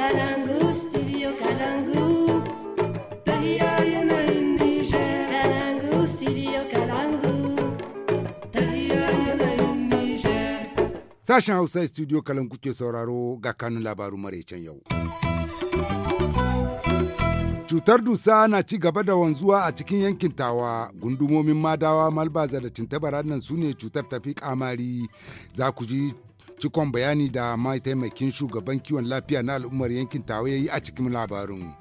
Kalangu, Sashen Hausa studio Kalangu ke sauraro ga kanun labaru maraicen yau. Cutar dusa na ci gaba da wanzuwa a cikin yankin tawa, gundumomin madawa malbaza da cintabara nan su ne cutar tafi kamari za ku ji cikon bayani da mataimakin shugaban kiwon lafiya na al'ummar yankin tawa ya yi a cikin labarin.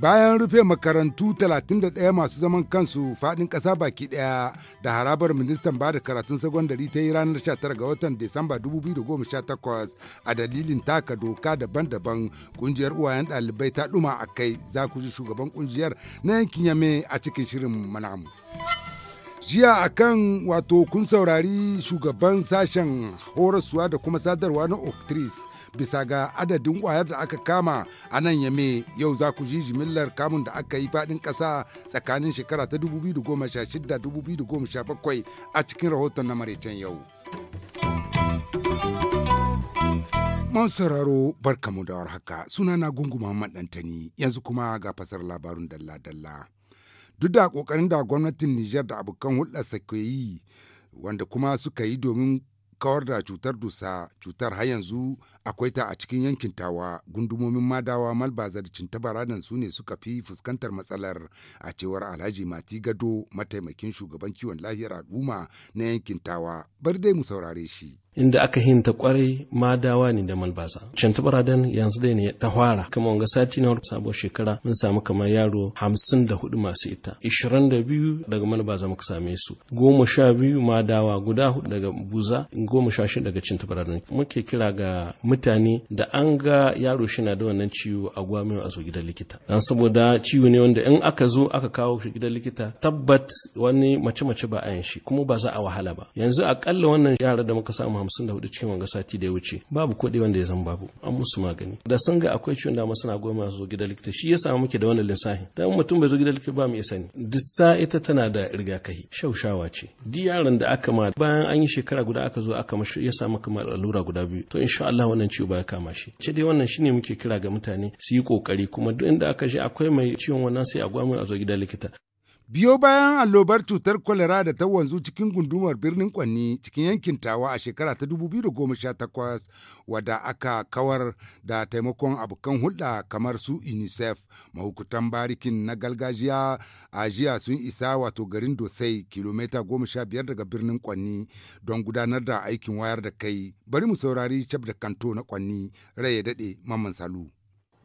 bayan rufe makarantu 31 masu zaman kansu fadin kasa baki ɗaya da harabar ministan ba da karatun sagwandari ta yi ranar 19 ga watan Disamba 2018 a dalilin taka doka daban-daban kungiyar uwayen ɗalibai ta duma a kai za ku ji shugaban kungiyar na yankin yame a cikin shirin manamu. jiya a kan wato kun saurari shugaban sashen horaswa da kuma sadarwa na octrice bisa ga adadin kwayar da aka kama a nan yame yau za ku ji jimillar kamun da aka yi faɗin ƙasa tsakanin shekara ta 2016-2017 a cikin rahoton na maraicen yau. Man sauraro barkamu da warhaka na gungu Muhammad Dantani yanzu kuma ga fasar labarun dalla-dalla. duk da kokarin da gwamnatin Nijar da abokan hulɗarsa ke yi wanda kuma suka yi domin kawar da cutar dusa cutar har yanzu akwai ta a cikin yankin tawa gundumomin madawa malbazar da cintabaradan su ne suka fi fuskantar matsalar a cewar alhaji mati gado mataimakin shugaban kiwon lahiyar al'umma na yankin tawa bari dai mu saurare shi inda aka hinta kwarai madawa ne da malbasa. Cantabaradan yanzu dai ne ta fara kuma wanga sati na sabo shekara mun samu kamar yaro hamsin da hudu masu ita. Ishirin da biyu daga malbasa muka same su. Goma sha biyu madawa guda hudu daga buza goma sha shida daga cantabaradan. Muke kira ga mutane da an ga yaro shi na da wannan ciwo a gwamiyo a zo gidan likita dan saboda ciwo ne wanda in aka zo aka kawo shi gidan likita tabbat wani mace mace ba a yin shi kuma ba za a wahala ba yanzu a akalla wannan yara da muka samu 54 cikin wanga sati da ya wuce babu kuɗi wanda ya zan babu an musu magani da sun ga akwai ciwon da suna goma a zo gidan likita shi yasa muke da wannan lissafi dan mutum bai zo gidan likita ba mu iya sani dissa ita tana da rigakafi shaushawa ce di yaron da aka ma bayan an yi shekara guda aka zo aka mashi ya samu kamar allura guda biyu to insha Allah wannan ciwo ba ya kama shi ce dai wannan shine muke kira ga mutane su yi kokari kuma duk inda aka shi akwai mai ciwon wannan sai a gwamnati a zo gida likita Biyo bayan allobar cutar kwalera da ta wanzu cikin gundumar birnin Kwanni cikin yankin Tawa a shekara ta 2018 wadda aka kawar da taimakon abokan hulɗa kamar su UNICEF mahukutan barikin na galgajiya a jiya sun isa wato garin Dosai kilomita 15 daga birnin Kwanni don gudanar da aikin wayar da kai. Bari mu saurari cab da Kanto na Kwanni Raye Daɗe Mamman Salu.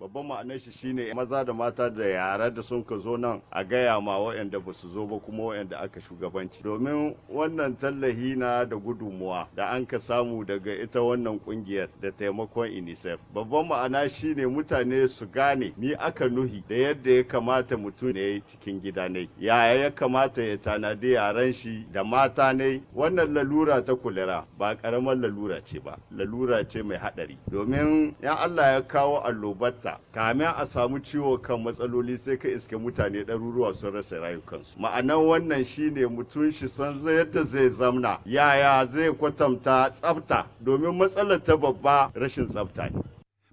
babban ma'anar shi shine maza da mata da yara da sun ka zo nan a gaya ma wa'anda ba su zo ba kuma wa'anda aka shugabanci domin wannan tallahi na da gudunmuwa da an ka samu daga ita wannan kungiyar da taimakon unicef babban ma'ana shine mutane su gane ni aka nuhi da yadda ya kamata mutum ne cikin gida ne yaya ya kamata ya tanadi yaran shi da mata ne wannan lalura ta kulera ba karamar lalura ce ba lalura ce mai haɗari domin ya Allah ya kawo allobarta kamin a samu ciwo kan matsaloli sai ka iske mutane ɗaruruwa sun rasa rayukansu ma'anan wannan shine mutum shi san yadda zai zamna yaya zai kwatanta tsafta domin matsalar ta babba rashin tsafta ne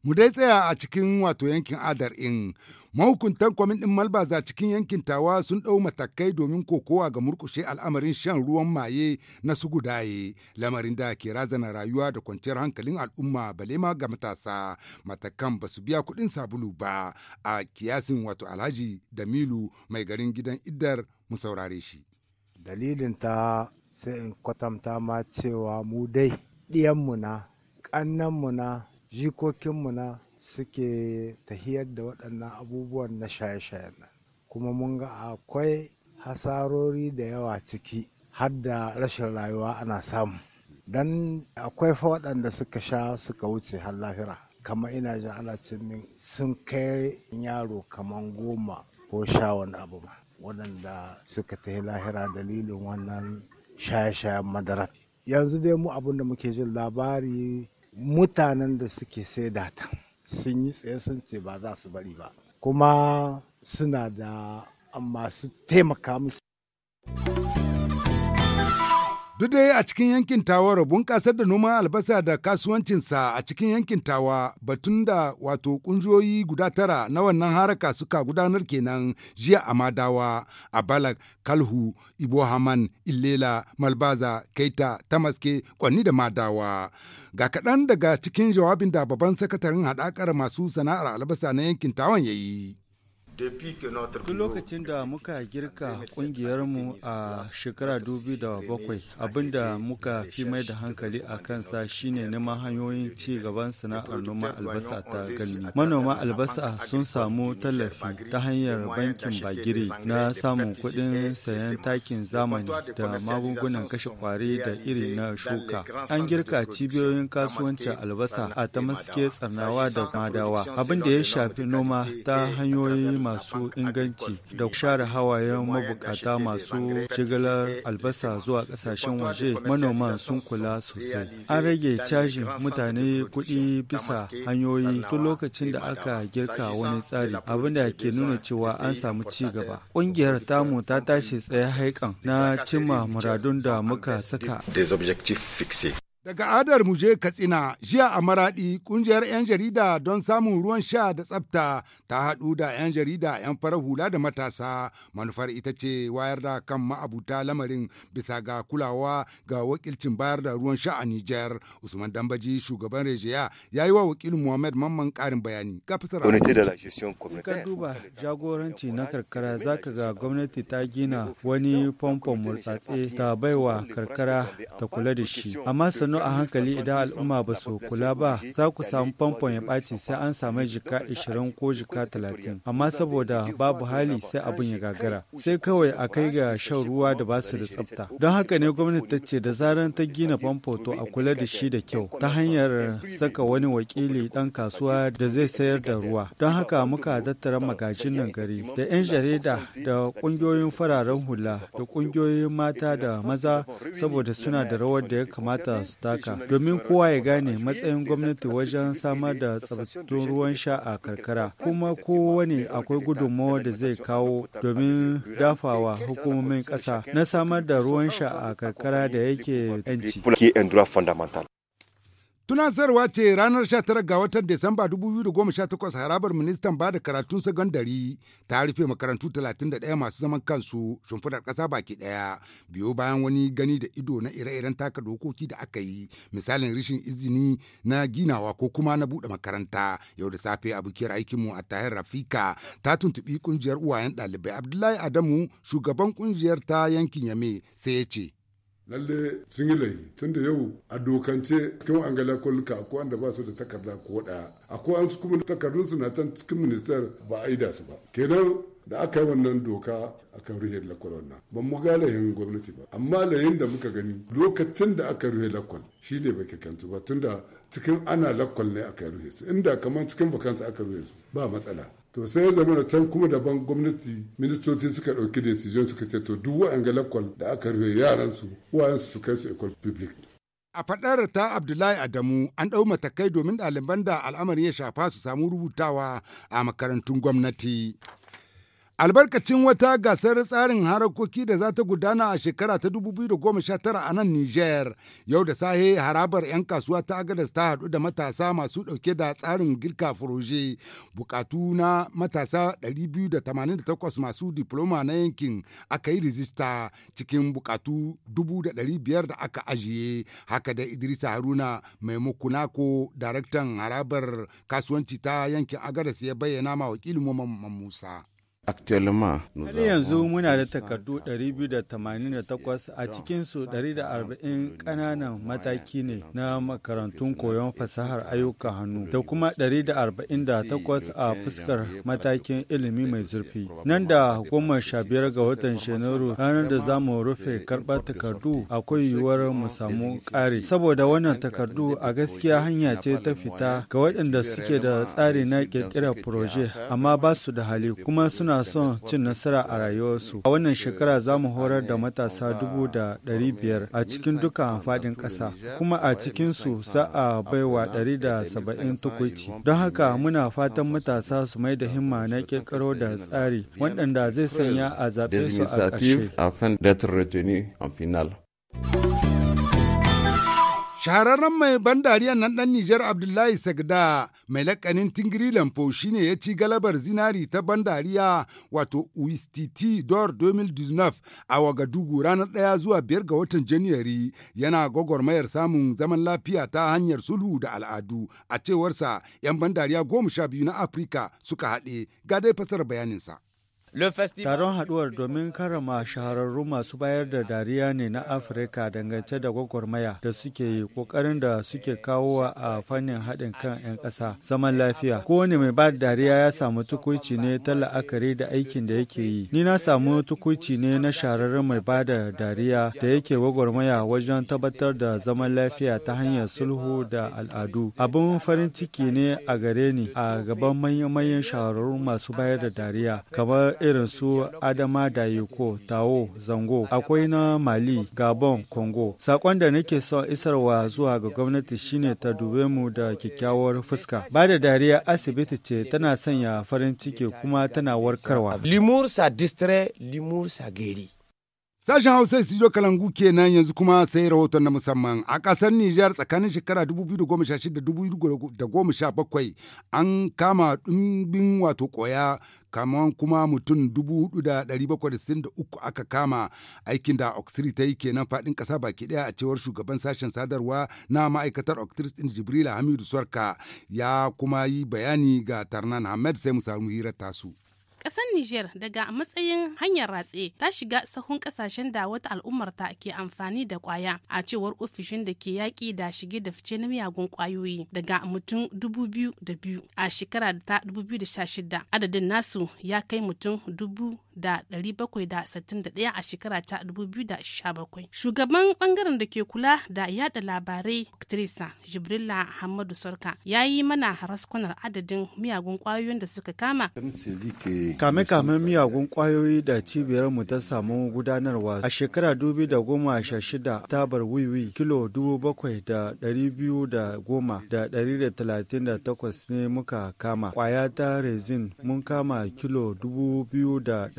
Mu dai tsaya a cikin wato yankin Adar in mahukuntan kwamin ɗin Malbaza cikin yankin Tawa sun ɗau matakai domin kokowa ga murkushe al'amarin shan ruwan maye na su gudaye lamarin da ke razana rayuwa da kwanciyar hankalin al'umma balema ga matasa. Matakan ba su biya kuɗin sabulu ba a kiyasin wato Alhaji da milu mai garin gidan Idar mu saurare shi. Dalilin ta sai in kwatanta ma cewa mu dai ɗiyanmu na, ƙannanmu na, jikokinmu na suke tahiyar da waɗannan abubuwan na shaye shaye nan kuma mun ga akwai hasarori da yawa ciki har da rashin rayuwa ana samu dan akwai fa waɗanda suka sha suka wuce har lahira kaman ina ji ana min sun kai yaro kaman goma ko sha wani abu ma waɗanda suka tafi lahira dalilin wannan shaye-shayen madara yanzu dai mu abin da muke jin labari mutanen da suke saida ta sun yi tsaye sun ce ba za su bari ba kuma suna da masu taimaka musu Duk da a cikin yankin Tawar bunƙasar da noman albasa da kasuwancinsa a cikin yankin Tawa batun da wato ƙungiyoyi guda tara na wannan haraka suka gudanar kenan jiya a Madawa, a Balak, Kalhu, Ibo Haman, Illela, Malbaza, Keita, Tamaske, Kwanni da Madawa. Ga kaɗan daga cikin jawabin da babban sakataren haɗakar masu sana'ar albasa na yankin Tawan ya yi. Duk lokacin da muka girka kungiyarmu a shekara da bakwai abinda muka fi mai da hankali a kansa shine neman hanyoyin ci gaban sana'ar noman albasa ta galmi. Manoma albasa sun samu tallafi ta hanyar bankin bagire na samun kuɗin sayan takin zamani da magungunan kashe kwari da iri na shuka. An girka cibiyoyin kasuwancin albasa a ta maske tsarnawa da madawa abinda ya shafi noma ta hanyoyi masu inganci da share hawayen mabukata masu shigalar albasa zuwa kasashen waje manoma sun kula sosai an rage cajin mutane kuɗi bisa hanyoyi tun lokacin da aka girka wani tsari abinda ke nuna cewa an samu ci gaba ƙungiyar tamu ta tashi tsaye haikan na cimma muradun da muka saka Daga adar muje Katsina, jiya a Maraɗi, ƙungiyar 'yan jarida don samun ruwan sha da tsabta ta haɗu da 'yan jarida 'yan farar hula da matasa. Manufar ita ce wayar da kan ma'abuta lamarin bisa ga kulawa ga wakilcin bayar da ruwan sha a Nijar. Usman Dambaji, shugaban Rejiya, ya yi wa wakilin Muhammad Mamman ƙarin bayani. Ga fasara. duba jagoranci na karkara zaka ga gwamnati ta gina wani famfon murtsatse ta baiwa karkara ta kula da shi. Amma sannu sannu a hankali idan al'umma ba su kula ba za ku samu famfon ya ɓaci sai an samu jika 20 ko jika 30 amma saboda babu hali sai abin ya gagara sai kawai a kai ga shan ruwa da ba su da tsafta don haka ne gwamnati ta ce da zaran ta gina famfo to a kula da shi da kyau ta hanyar saka wani wakili dan kasuwa da zai sayar da ruwa don haka muka tattara magajin nan gari da 'yan jarida da kungiyoyin fararen hula da kungiyoyin mata da maza saboda suna da rawar da ya kamata su domin kowa ya gane matsayin gwamnati wajen samar da tsabtattun ruwan sha a karkara kuma kowane akwai gudunmawa da zai kawo domin dafawa hukumomin ƙasa na samar da ruwan sha a karkara da yake 'yanci. Tunasarwa ce ranar 19 ga watan Disamba 2018 harabar ministan ba da karatun sagandari ta rufe makarantu 31 masu zaman kansu shimfidar ƙasa baki ɗaya biyo bayan wani gani da ido na ire-iren taka dokoki da aka yi misalin rishin izini na ginawa ko kuma na buɗe makaranta yau da safe abokiyar aikinmu a tahir rafika ta tuntubi ƙungiyar uwayen ɗalibai abdullahi adamu shugaban ƙungiyar ta yankin yame sai ya ce lalle sun yi laifi da yau a dokance cikin an gala kwaluka ko wanda ba su da takarda ko daya akwai an su kuma takardun su na can cikin ministar ba a yi da su ba kenan da aka yi wannan doka kan ruhe lakwal wannan ban mu ga layin gwamnati ba amma layin da muka gani lokacin da aka ruhe lakwal shi ne bai kantu ba tunda cikin ana lakwal ne aka ruhe su inda kamar cikin vakansa aka ruhe su ba matsala to sai ya zama can kuma daban gwamnati ministoci suka ɗauki decision suka ce to duk wa'anga lakwal da aka rufe yaran su wa'an su kai su ecole public a faɗar ta abdullahi adamu an ɗau matakai domin ɗaliban da al'amarin ya shafa su samu rubutawa a makarantun gwamnati albarkacin wata gasar tsarin harakoki da za ta gudana a shekara ta 2019 a nan Nijar. Yau da sahe harabar 'yan kasuwa ta Agadas ta haɗu da matasa masu ɗauke da tsarin girka furoje. Bukatu na matasa 288 masu diploma na yankin aka yi rijista cikin bukatu 500 da aka ajiye. Haka da Idrisa Haruna mai mukunako daraktan harabar kasuwanci ta yankin Agadas ya bayyana ma wakilin Musa. Har yanzu muna da takardu 288 a cikinsu 140 ƙananan mataki ne na makarantun koyon fasahar ayyukan hannu da kuma 148 a fuskar matakin ilimi mai zurfi. Nan da goma sha biyar ga watan Janairu ranar da za mu rufe karɓar takardu akwai yiwuwar mu samu ƙari. Saboda wannan takardu a gaskiya hanya ce ta fita ga waɗanda suke da tsari na ƙirƙirar amma ba su da hali kuma suna son cin nasara a rayuwarsu. A wannan shekara za mu horar da matasa dubu da ɗari biyar a cikin duka faɗin ƙasa, kuma a cikinsu za a baiwa ɗari da saba'in tukuci. Don haka muna fatan matasa su mai da himma na ƙirƙiro da tsari waɗanda zai sanya a zaɓe su a ƙarshe. Shahararren mai ban dariya nan ɗan Nijar Abdullahi Sagda mai lakanin Tingiri Lampo shine ya ci galabar zinari ta ban dariya wato Uistiti Dor 2019 a Wagadugu ranar ɗaya zuwa biyar ga watan Janairu yana gwagwarmayar samun zaman lafiya ta hanyar sulhu da al'adu a cewarsa 'yan ban dariya goma sha biyu na Afirka suka haɗe ga dai fasar bayaninsa. Taron haɗuwar domin karama shahararru masu bayar da dariya ne na Afirka dangance da gwagwarmaya da suke yi ƙoƙarin da suke kawo a fannin haɗin kan 'yan ƙasa zaman lafiya. Kowane mai ba da dariya ya samu tukuici ne ta la'akari da aikin da yake yi. Ni na samu tukuici ne na shahararren mai ba da dariya da yake gwagwarmaya wajen tabbatar da zaman lafiya ta hanyar sulhu da al'adu. Abin farin ciki ne a gare ni a gaban manyan manyan shahararru masu bayar da dariya kamar irin su Adama da yuko Tao, Zango, akwai na Mali, Gabon, Congo. Sakon da nake son isarwa zuwa ga gwamnati shine ta dube mu da kyakkyawar fuska. Ba da dariya asibiti ce tana sanya farin ciki kuma tana warkarwa. Limur sa distrait, limur sa geri. Sashen Hausa Studio Kalangu kenan yanzu kuma sai rahoton na musamman a ƙasar Nijar tsakanin shekara 2016-2017 an kama ɗumbin wato koya kamar kuma mutum 4,763 aka kama aikin da Oxford ta yi kenan faɗin ƙasa baki ɗaya a cewar shugaban sashen sadarwa na ma'aikatar Oxford ɗin Jibrila Hamidu Sarka ya kuma yi bayani ga Tarnan Ahmed sai mu samu hirar tasu. Ƙasar Nijar daga matsayin hanyar ratse ta shiga sahun ƙasashen da wata al'ummarta ke amfani da ƙwaya a cewar ofishin da ke yaƙi da shige da fice na miyagun ƙwayoyi daga mutum dubu biyu da biyu a shekara ta dubu biyu da sha shida adadin nasu ya kai mutum dubu da 761 a shekara ta 2017. Shugaban bangaren da ke kula da yada labarai Trisa Jibrila Hamadu Sarka ya yi mana raskunar adadin miyagun kwayoyin da suka kama. Kame kame miyagun kwayoyi da cibiyar mu ta samu gudanarwa a shekara 2016 bar wiwi kilo 7,210,138 ne muka kama. Kwaya ta rezin mun kama kilo 2,000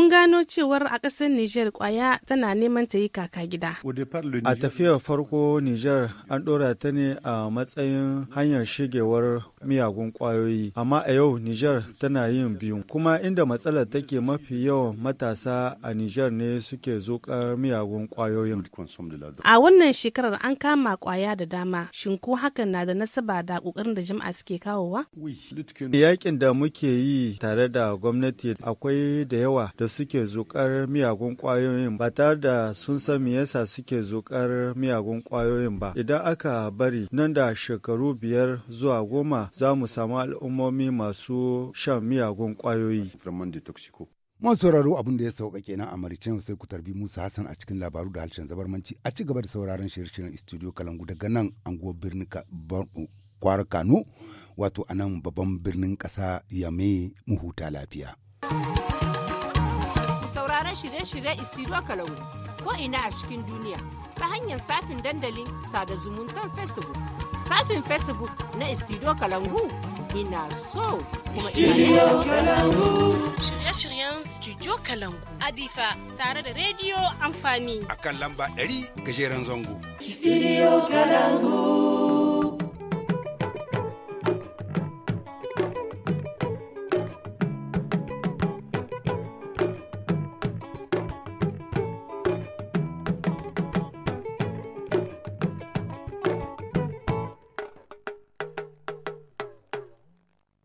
mun gano cewar a ƙasar niger kwaya tana neman ta yi kaka gida. A tafiyar farko niger an ɗora ta ne a matsayin hanyar shigewar miyagun ƙwayoyi, amma a yau niger tana yin biyu. Kuma inda matsalar take mafi yawan matasa a niger ne suke zuƙar miyagun ƙwayoyin. A wannan shekarar an kama ƙwaya da dama, shin ko hakan na da nasaba da ƙoƙarin da jama'a suke kawowa? Yaƙin da muke yi tare da gwamnati akwai da yawa da suke zukar miyagun kwayoyin ba tare da sun san me yasa suke zukar miyagun kwayoyin ba idan aka bari nan da shekaru biyar zuwa goma za mu samu al'ummomi masu shan miyagun kwayoyi Mun sauraro abin da ya sauka kenan a maricin sai ku tarbi Musa Hassan a cikin labaru da harshen zabarmanci a ci gaba da sauraron shirye-shiryen studio Kalangu daga nan anguwar birnin kwara Kano wato anan babban birnin ƙasa Yame mu huta lafiya. sauran shirye-shirye isiro kalangu ko ina a cikin duniya ta hanyar safin dandalin sada zumuntar facebook safin facebook na isiro kalangu ina so kuma ina kalangu shirye-shiryen studio kalangu adifa tare da rediyo amfani akan lamba 100 gajeren zango studio kalangu